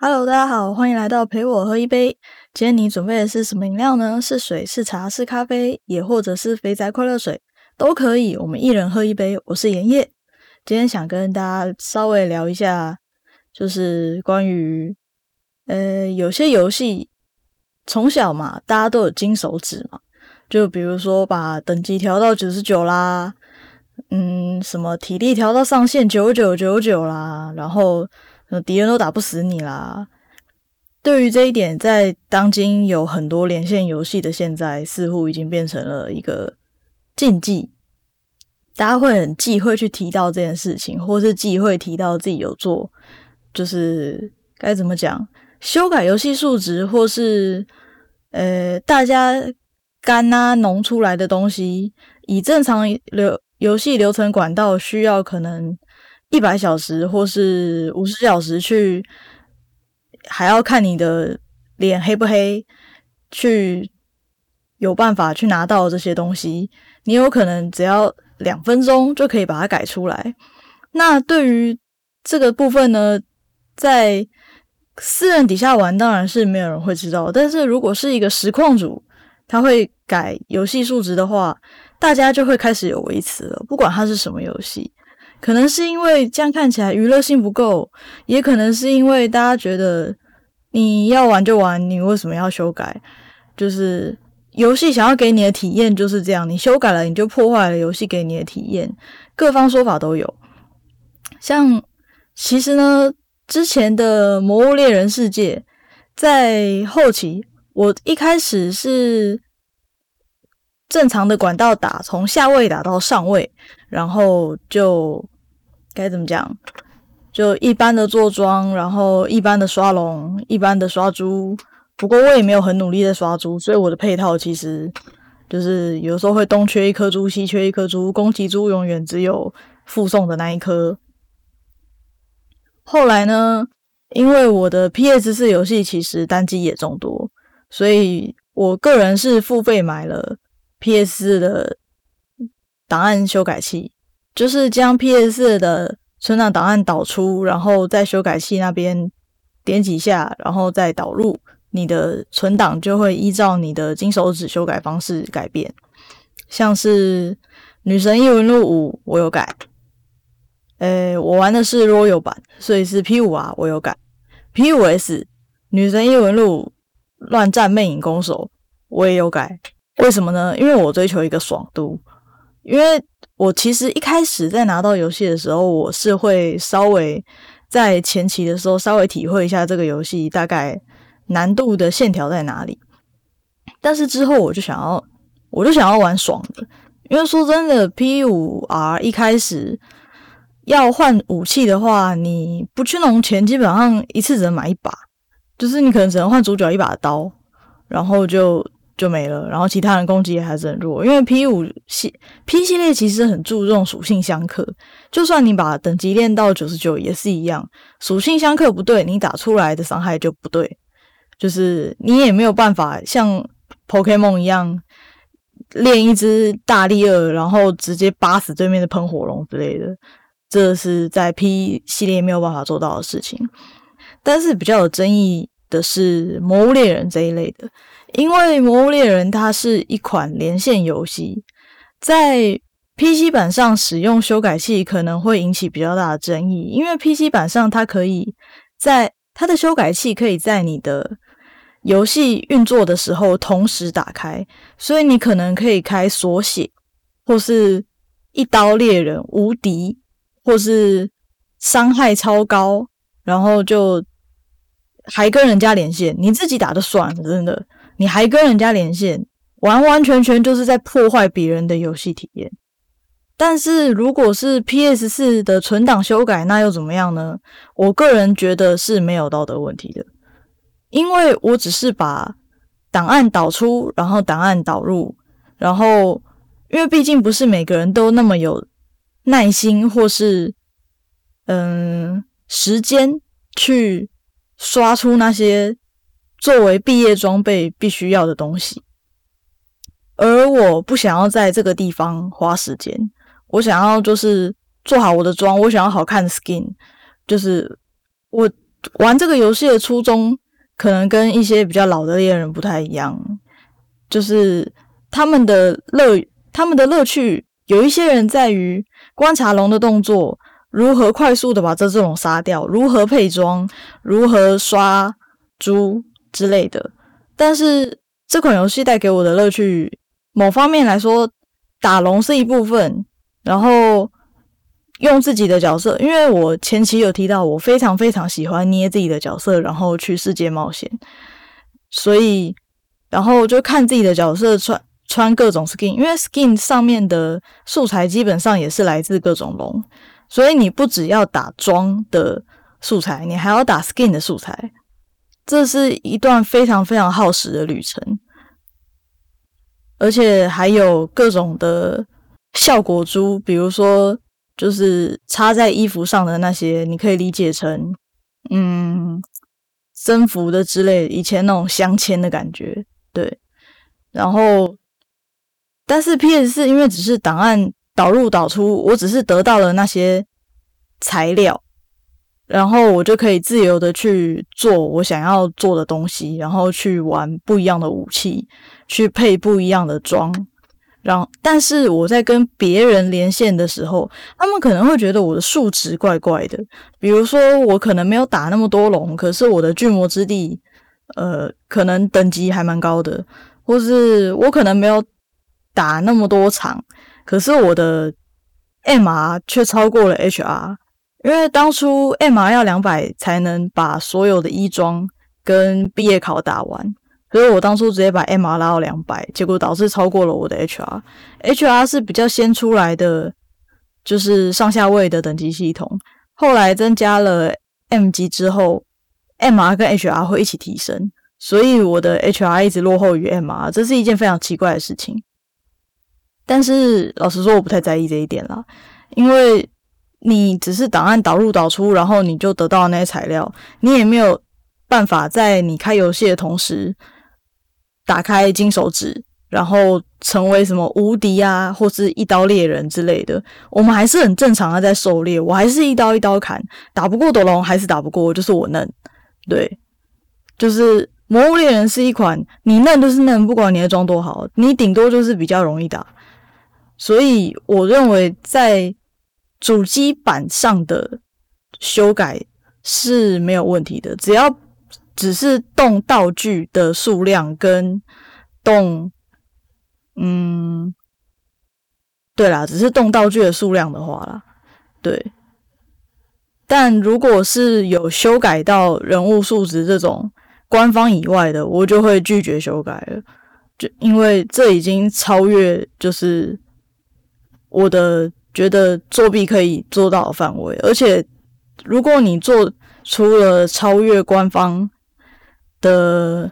哈嘍，大家好，歡迎來到陪我喝一杯。今天你準備的是什麼飲料呢？是水，是茶，是咖啡，也或者是肥宅快樂水，都可以。我們一人喝一杯。我是妍葉，今天想跟大家稍微聊一下，就是關於呃，有些遊戲從小嘛，大家都有金手指嘛，就比如說把等級調到九十九啦，嗯，什麼體力調到上限九九九九啦，然後。那敵人都打不死你啦！對於這一點，在當今有很多連線遊戲的現在，似乎已經變成了一個禁忌，大家會很忌諱去提到這件事情，或是忌諱提到自己有做，就是該怎麼講，修改遊戲數值，或是呃，大家肝啊、弄出來的東西，以正常流遊戲流程管道需要可能。一百小時或是五十小時去，還要看你的臉黑不黑，去有辦法去拿到這些東西，你有可能只要兩分鐘就可以把它改出來。那對於這個部分呢，在私人底下玩，當然是沒有人會知道。但是如果是一個實況主，他會改遊戲數值的話，大家就會開始有微詞了。不管它是什麼遊戲。可能是因為這樣看起來娛樂性不夠，也可能是因為大家覺得你要玩就玩，你為什麼要修改？就是遊戲想要給你的體驗就是這樣，你修改了你就破壞了遊戲給你的體驗。各方說法都有。像其實呢，之前的《魔物獵人世界》在後期，我一開始是正常的管道打，從下位打到上位。然後就該怎麼講？就一般的坐莊，然後一般的刷龍，一般的刷豬。不過我也沒有很努力的刷豬，所以我的配套其實就是有時候會東缺一顆珠，西缺一顆珠。攻擊珠永遠只有附送的那一顆。後來呢，因為我的 PS 四遊戲其實單機也眾多，所以我個人是付費買了 PS 四的。檔案修改器就是將 PS 的存檔檔案導出，然後在修改器那邊點幾下，然後再導入你的存檔，就會依照你的金手指修改方式改變。像是《女神異聞錄五》，我有改。誒，我玩的是 Royal 版，所以是 P 五啊，我有改。P 五 S，《女神異聞錄亂戰魅影攻手》，我也有改。為什麼呢？因為我追求一個爽度。因為我其實一開始在拿到遊戲的時候，我是會稍微在前期的時候稍微體會一下這個遊戲大概難度的線條在哪裡。但是之後我就想要，我就想要玩爽的。因為說真的，P5R 一開始要換武器的話，你不去農錢，基本上一次只能買一把，就是你可能只能換主角一把刀，然後就。就沒了，然後其他人攻擊也還是很弱，因為 P 五系 P 系列其實很注重屬性相克，就算你把等級練到九十九也是一樣，屬性相克不對，你打出來的傷害就不對，就是你也沒有辦法像 Pokémon 一樣練一隻大力鱷，然後直接巴死對面的噴火龍之類的，這是在 P 系列沒有辦法做到的事情。但是比較有爭議的是《魔物獵人》這一類的。因為《魔物獵人》它是一款連線遊戲，在 PC 版上使用修改器可能會引起比較大的爭議。因為 PC 版上它可以在它的修改器可以在你的遊戲運作的時候同時打開，所以你可能可以開鎖血，或是一刀獵人無敵，或是傷害超高，然後就還跟人家連線，你自己打得爽，真的。你還跟人家連線，完完全全就是在破壞別人的遊戲體驗。但是如果是 PS 四的存檔修改，那又怎麼樣呢？我個人覺得是沒有道德問題的，因為我只是把檔案導出，然後檔案導入，然後因為畢竟不是每個人都那麼有耐心或是嗯、呃、時間去刷出那些。作為畢業裝備必須要的東西，而我不想要在這個地方花時間。我想要就是做好我的裝，我想要好看的 skin。就是我玩這個遊戲的初衷，可能跟一些比較老的獵人不太一樣。就是他們的樂，他們的樂趣，有一些人在於觀察龍的動作，如何快速的把這隻龍殺掉，如何配裝，如何刷珠。之類的，但是這款遊戲帶給我的樂趣，某方面來說，打龍是一部分。然後用自己的角色，因為我前期有提到，我非常非常喜歡捏自己的角色，然後去世界冒險。所以，然後就看自己的角色穿穿各種 skin，因為 skin 上面的素材基本上也是來自各種龍，所以你不只要打裝的素材，你還要打 skin 的素材。這是一段非常非常耗時的旅程，而且還有各種的效果珠，比如說就是插在衣服上的那些，你可以理解成嗯，增幅的之類，以前那種鑲嵌的感覺，對。然後，但是 PS4，因為只是檔案導入導出，我只是得到了那些材料。然後我就可以自由的去做我想要做的東西，然後去玩不一樣的武器，去配不一樣的裝。然後，但是我在跟別人連線的時候，他們可能會覺得我的數值怪怪的。比如說，我可能沒有打那麼多龍，可是我的聚魔之地，呃，可能等級還蠻高的，或是我可能沒有打那麼多場，可是我的 MR 卻超過了 HR。因為當初 M R 要兩百才能把所有的衣裝跟畢業考打完，所以我當初直接把 M R 拉到兩百，結果導致超過了我的 H R。H R 是比較先出來的，就是上下位的等級系統。後來增加了 M 級之後，M R 跟 H R 會一起提升，所以我的 H R 一直落後於 M R，這是一件非常奇怪的事情。但是老實說，我不太在意這一點啦，因為。你只是檔案導入導出，然後你就得到那些材料。你也沒有辦法在你開遊戲的同時打開金手指，然後成為什麼無敵啊，或是一刀獵人之類的。我們還是很正常的、啊、在狩獵，我還是一刀一刀砍，打不過斗龍還是打不過，就是我嫩。對，就是《魔物獵人》是一款你嫩就是嫩，不管你的裝多好，你頂多就是比較容易打。所以我認為在。主機板上的修改是沒有問題的，只要只是動道具的數量跟動，嗯，對啦，只是動道具的數量的話啦，對。但如果是有修改到人物數值這種官方以外的，我就會拒絕修改了，就因為這已經超越就是我的。覺得作弊可以做到的範圍，而且如果你做出了超越官方的，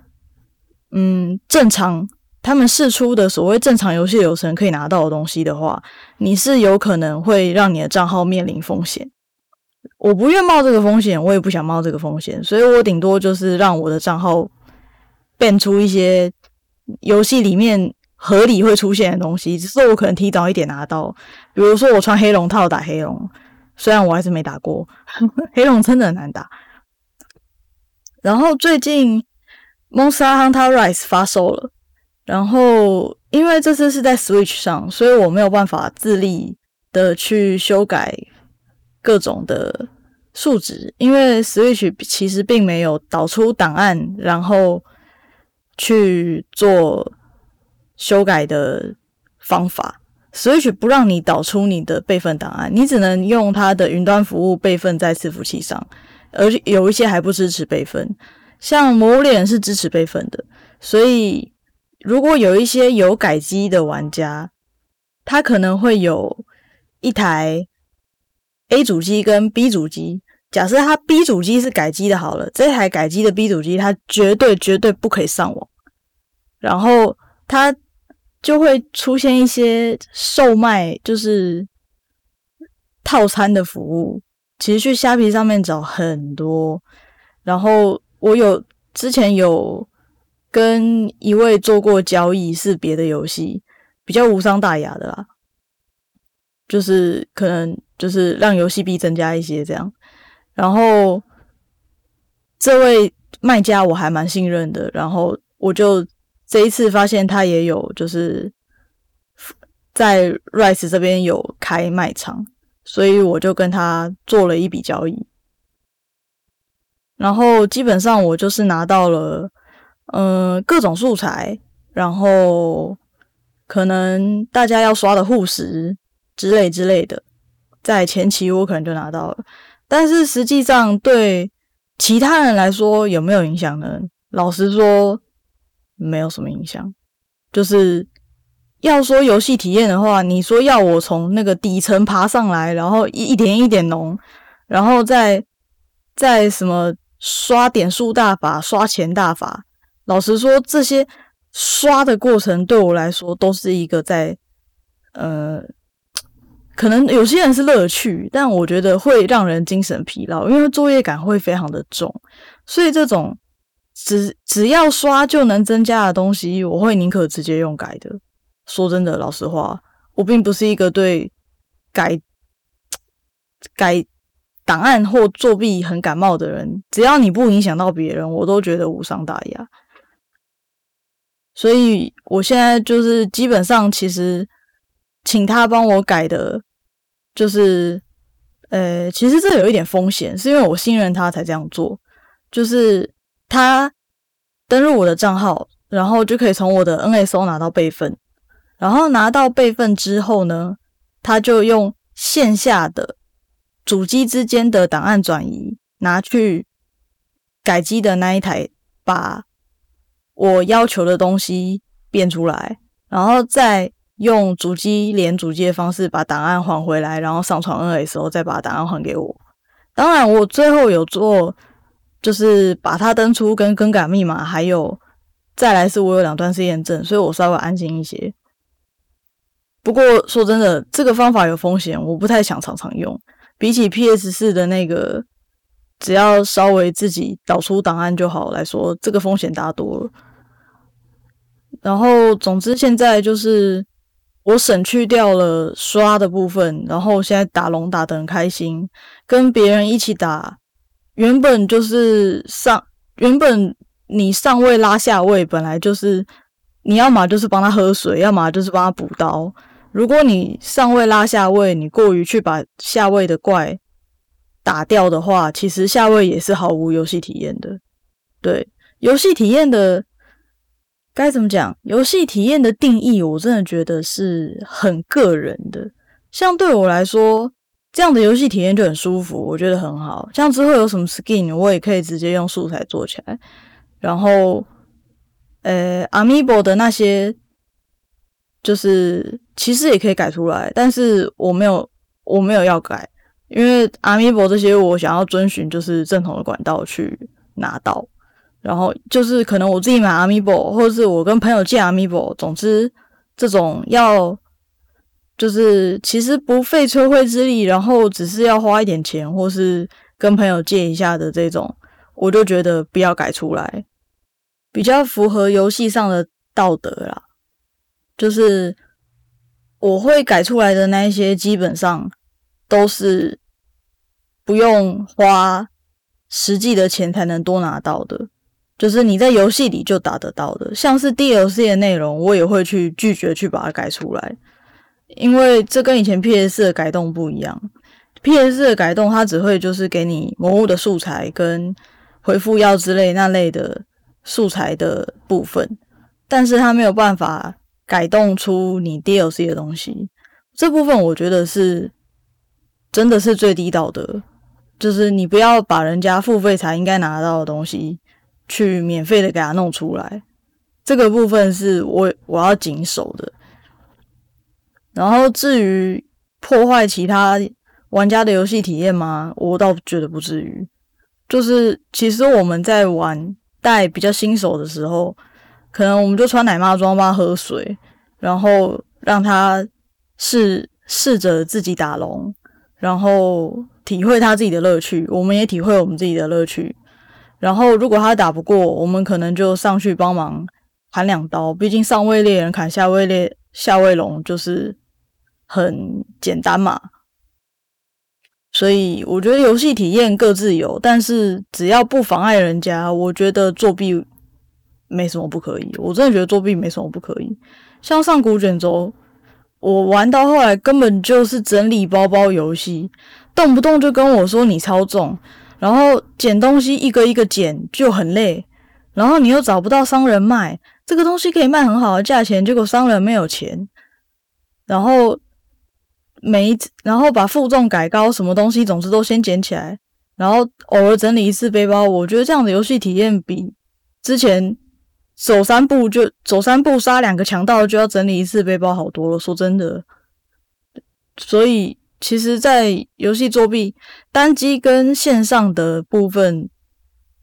嗯，正常，他們釋出的所謂正常遊戲流程可以拿到的東西的話，你是有可能會讓你的賬號面臨風險。我不願冒這個風險，我也不想冒這個風險，所以我頂多就是讓我的賬號變出一些遊戲裡面。合理會出現的東西，只是我可能提早一點拿到。比如說，我穿黑龍套打黑龍，雖然我還是沒打過，呵呵黑龍真的很難打。然後最近《Monster Hunter Rise》發售了，然後因為這次是在 Switch 上，所以我沒有辦法自立的去修改各種的數值，因為 Switch 其實並沒有導出檔案，然後去做。修改的方法，Switch 不讓你導出你的備份檔案，你只能用它的雲端服務備份在伺服器上，而有一些還不支持備份，像模臉是支持備份的，所以如果有一些有改機的玩家，他可能會有一台 A 主機跟 B 主機，假設他 B 主機是改機的好了，這台改機的 B 主機，他絕對絕對不可以上網，然後他。就會出現一些售賣就是套餐的服務，其實去蝦皮上面找很多。然後我有之前有跟一位做過交易，是別的遊戲，比較無傷大雅的啦，就是可能就是讓遊戲幣增加一些這樣。然後這位賣家我還蠻信任的，然後我就。這一次發現他也有就是在 Rice 這邊有開賣場，所以我就跟他做了一筆交易。然後基本上我就是拿到了，嗯，各種素材，然後可能大家要刷的護石之類之類的，在前期我可能就拿到了。但是實際上對其他人來說有沒有影響呢？老實說。沒有什麼影響。就是要說遊戲體驗的話，你說要我從那個底層爬上來，然後一點一點弄，然後再再什麼刷點數大法、刷錢大法。老實說，這些刷的過程對我來說都是一個在呃，可能有些人是樂趣，但我覺得會讓人精神疲勞，因為作業感會非常的重，所以這種。只只要刷就能增加的東西，我會寧可直接用改的。說真的，老實話，我並不是一個對改改檔案或作弊很感冒的人。只要你不影響到別人，我都覺得無傷大雅。所以，我現在就是基本上，其實請他幫我改的，就是呃、欸，其實這有一點風險，是因為我信任他才這樣做，就是。他登錄我的賬號，然後就可以從我的 NSO 拿到備份。然後拿到備份之後呢，他就用線下的主機之間的檔案轉移，拿去改機的那一台，把我要求的東西變出來，然後再用主機連主機的方式把檔案還回來，然後上傳 NSO，再把檔案還給我。當然，我最後有做。就是把它登出跟更改密碼，還有再來是，我有兩段式驗證，所以我稍微安心一些。不過說真的，這個方法有風險，我不太想常常用。比起 PS4 的那個，只要稍微自己導出檔案就好來說，這個風險大多了。然後總之現在就是我省去掉了刷的部分，然後現在打龍打得很開心，跟別人一起打。原本就是上，原本你上位拉下位，本來就是你要嘛就是幫他喝水，要麼就是幫他補刀。如果你上位拉下位，你過於去把下位的怪打掉的話，其實下位也是毫無遊戲體驗的。對，遊戲體驗的該怎麼講？遊戲體驗的定義，我真的覺得是很個人的。像對我來說。這樣的遊戲體驗就很舒服，我覺得很好。像之後有什麼 skin，我也可以直接用素材做起來。然後，呃、欸，Amiibo 的那些，就是其實也可以改出來，但是我沒有，我沒有要改，因為 Amiibo 這些我想要遵循就是正統的管道去拿到。然後就是可能我自己買 Amiibo，或者是我跟朋友借 Amiibo。總之，這種要。就是其實不費吹灰之力，然後只是要花一點錢，或是跟朋友借一下的這種，我就覺得不要改出來，比較符合遊戲上的道德啦。就是我會改出來的那一些，基本上都是不用花實際的錢才能多拿到的，就是你在遊戲裡就打得到的。像是 DLC 的內容，我也會去拒絕去把它改出來。因為這跟以前 PS 的改動不一樣，PS 的改動它只會就是給你魔物的素材跟回復藥之類那類的素材的部分，但是它沒有辦法改動出你 DLC 的東西。這部分我覺得是真的是最低道德，就是你不要把人家付費才應該拿到的東西去免費的給它弄出來。這個部分是我我要謹守的。然後至於破壞其他玩家的遊戲體驗嗎？我倒覺得不至於。就是其實我們在玩帶比較新手的時候，可能我們就穿奶媽裝吧，喝水，然後讓他試試着自己打龍，然後體會他自己的樂趣。我們也體會我們自己的樂趣。然後如果他打不過，我們可能就上去幫忙砍兩刀。畢竟上位獵人砍下位獵，下位龍就是。很簡單嘛，所以我覺得遊戲體驗各自有，但是只要不妨礙人家，我覺得作弊沒什麼不可以。我真的覺得作弊沒什麼不可以。像上古卷軸，我玩到後來根本就是整理包包遊戲，動不動就跟我說你超重，然後撿東西一個一個撿就很累，然後你又找不到商人賣這個東西可以賣很好的價錢，結果商人沒有錢，然後。每一次，然後把負重改高，什麼東西總是都先撿起來，然後偶爾整理一次背包。我覺得這樣的遊戲體驗比之前走三步就走三步殺兩個強盜就要整理一次背包好多了。說真的，所以其實，在遊戲作弊單機跟線上的部分，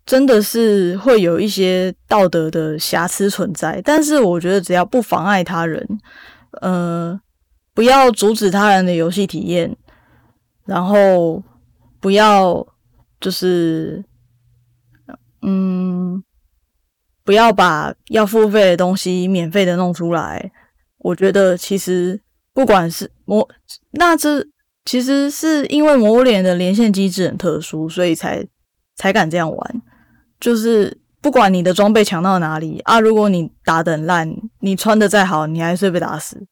真的是會有一些道德的瑕疵存在。但是我覺得只要不妨礙他人，嗯、呃。不要阻止他人的遊戲體驗，然後不要就是嗯，不要把要付費的東西免費的弄出來。我覺得其實不管是摸那這，其實是因為摸臉的連線機制很特殊，所以才才敢這樣玩。就是不管你的裝備強到哪裡啊，如果你打的很爛，你穿的再好，你還是會被打死。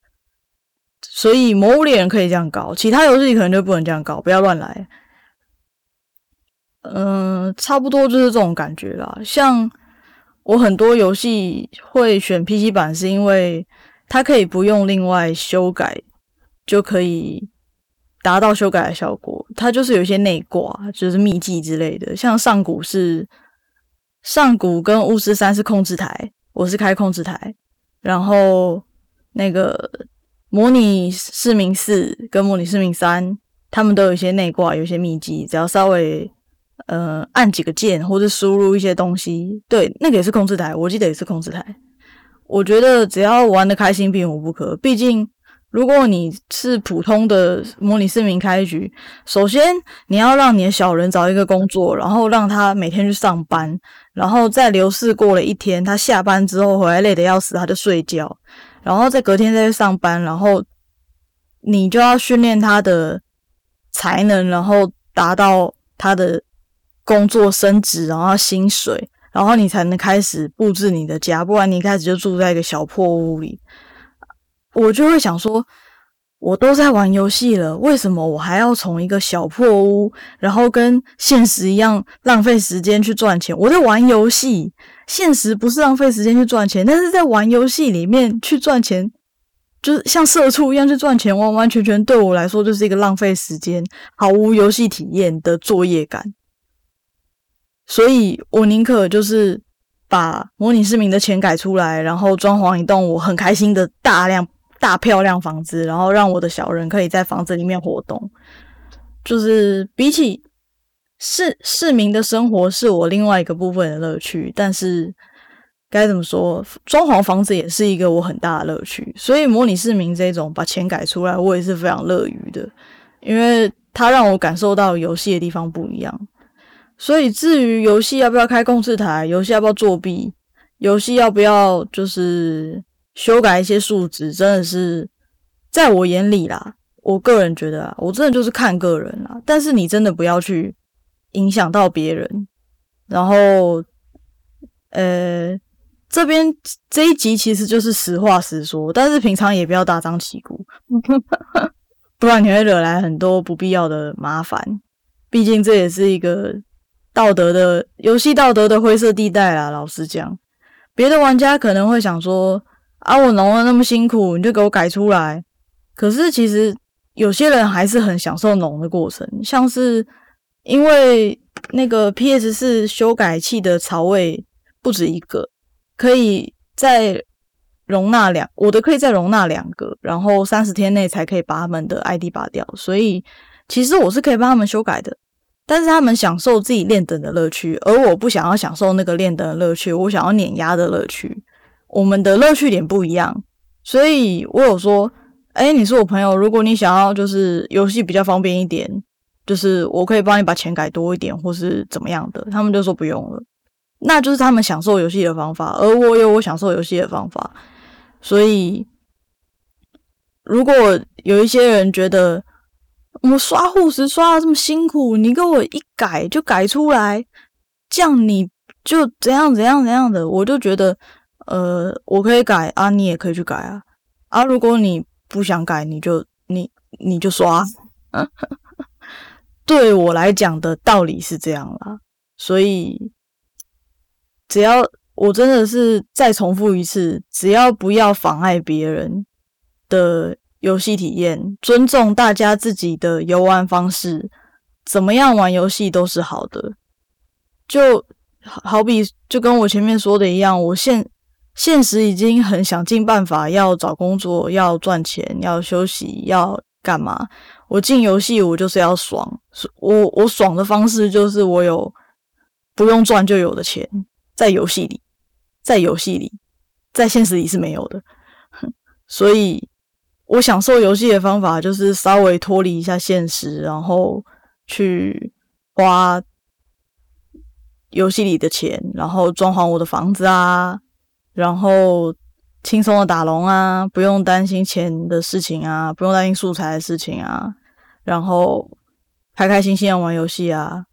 所以《魔物獵人》可以這樣搞，其他遊戲可能就不能這樣搞，不要亂來。嗯、呃，差不多就是這種感覺啦。像我很多遊戲會選 PC 版，是因為它可以不用另外修改就可以達到修改的效果。它就是有一些內掛，就是秘技之類的。像上古是上古跟巫師三是控制台，我是開控制台，然後那個。模擬市民四跟模擬市民三，他們都有一些內掛，有一些秘籍，只要稍微呃按幾個鍵或者輸入一些東西，對，那個也是控制台，我記得也是控制台。我覺得只要玩得開心，並無不可。畢竟，如果你是普通的模擬市民開局，首先你要讓你的小人找一個工作，然後讓他每天去上班，然後再流逝過了一天，他下班之後回來累得要死，他就睡覺。然後在隔天再去上班，然後你就要訓練他的才能，然後達到他的工作升職，然後薪水，然後你才能開始布置你的家，不然你一開始就住在一個小破屋裡，我就會想說。我都在玩遊戲了，為什麼我還要從一個小破屋，然後跟現實一樣浪費時間去賺錢？我在玩遊戲，現實不是浪費時間去賺錢，但是在玩遊戲裡面去賺錢，就是像社畜一樣去賺錢，完完全全對我來說就是一個浪費時間、毫無遊戲體驗的作業感。所以我寧可就是把模擬市民的錢改出來，然後裝潢一棟，我很開心的大量。大漂亮房子，然後讓我的小人可以在房子裡面活動，就是比起市市民的生活，是我另外一個部分的樂趣。但是該怎麼說，裝潢房子也是一個我很大的樂趣。所以模擬市民這種把錢改出來，我也是非常樂於的，因為它讓我感受到遊戲的地方不一樣。所以至於遊戲要不要開控制台，遊戲要不要作弊，遊戲要不要就是。修改一些數值，真的是在我眼裡啦。我個人覺得啊，我真的就是看個人啦。但是你真的不要去影響到別人。然後，呃、欸，這邊這一集其實就是實話實說，但是平常也不要大張旗鼓， 不然你會惹來很多不必要的麻煩。畢竟這也是一個道德的遊戲道德的灰色地帶啦。老實講，別的玩家可能會想說。啊！我農得那麼辛苦，你就給我改出來。可是其實有些人還是很享受農的過程，像是因為那個 P S 4修改器的槽位不止一個，可以再容納兩，我的可以再容納兩個，然後三十天內才可以把他們的 I D 拔掉。所以其實我是可以幫他們修改的，但是他們享受自己練等的樂趣，而我不想要享受那個練等的樂趣，我想要碾壓的樂趣。我們的樂趣點不一樣，所以我有說，哎，你是我朋友，如果你想要就是遊戲比較方便一點，就是我可以幫你把錢改多一點，或是怎麼樣的，他們就說不用了。那就是他們享受遊戲的方法，而我有我享受遊戲的方法。所以，如果有一些人覺得我刷護石刷的這麼辛苦，你給我一改就改出來，這樣你就怎樣怎樣怎樣的，我就覺得。呃，我可以改啊，你也可以去改啊。啊，如果你不想改，你就你你就刷。 對我來講的道理是這樣啦，所以只要我真的是再重複一次，只要不要妨礙別人的遊戲體驗，尊重大家自己的遊玩方式，怎麼樣玩遊戲都是好的。就好比就跟我前面說的一樣，我現現實已經很想盡辦法要找工作，要賺錢，要休息，要幹嘛？我進遊戲，我就是要爽。我我爽的方式就是我有不用賺就有的錢，在遊戲裡，在遊戲裡，在現實裡是沒有的。所以，我享受遊戲的方法就是稍微脫離一下現實，然後去花遊戲裡的錢，然後裝潢我的房子啊。然後輕鬆的打龍啊，不用擔心錢的事情啊，不用擔心素材的事情啊，然後開開心心的玩遊戲啊。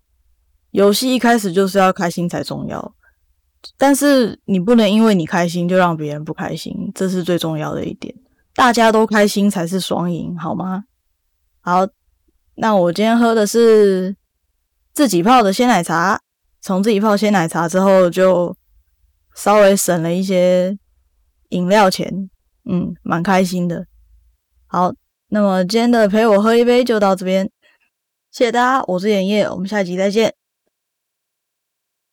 遊戲一開始就是要開心才重要，但是你不能因為你開心就讓別人不開心，這是最重要的一點。大家都開心才是雙贏，好嗎？好，那我今天喝的是自己泡的鮮奶茶，從自己泡鮮奶茶之後就。稍微省了一些飲料錢，嗯，蠻開心的。好，那麼今天的陪我喝一杯就到這邊，謝謝大家，我是演葉，我們下集再見。